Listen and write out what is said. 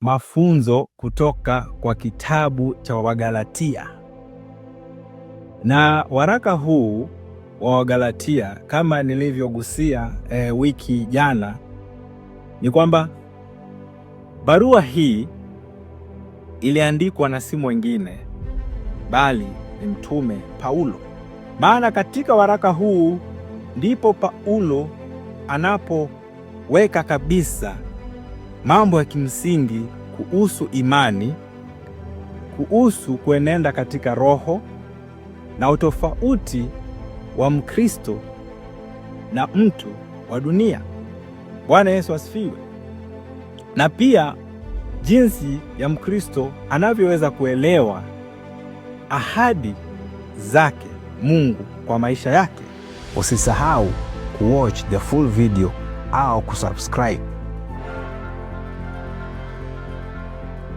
mafunzo kutoka kwa kitabu cha Wagalatia. Na waraka huu wa Wagalatia kama nilivyogusia e, wiki jana ni kwamba barua hii iliandikwa na si mwingine bali ni mtume Paulo. Maana katika waraka huu ndipo Paulo anapoweka kabisa mambo ya kimsingi kuhusu imani, kuhusu kuenenda katika roho na utofauti wa Mkristo na mtu wa dunia. Bwana Yesu asifiwe. Na pia jinsi ya Mkristo anavyoweza kuelewa ahadi zake Mungu kwa maisha yake. Usisahau kuwatch the full video au kusubscribe.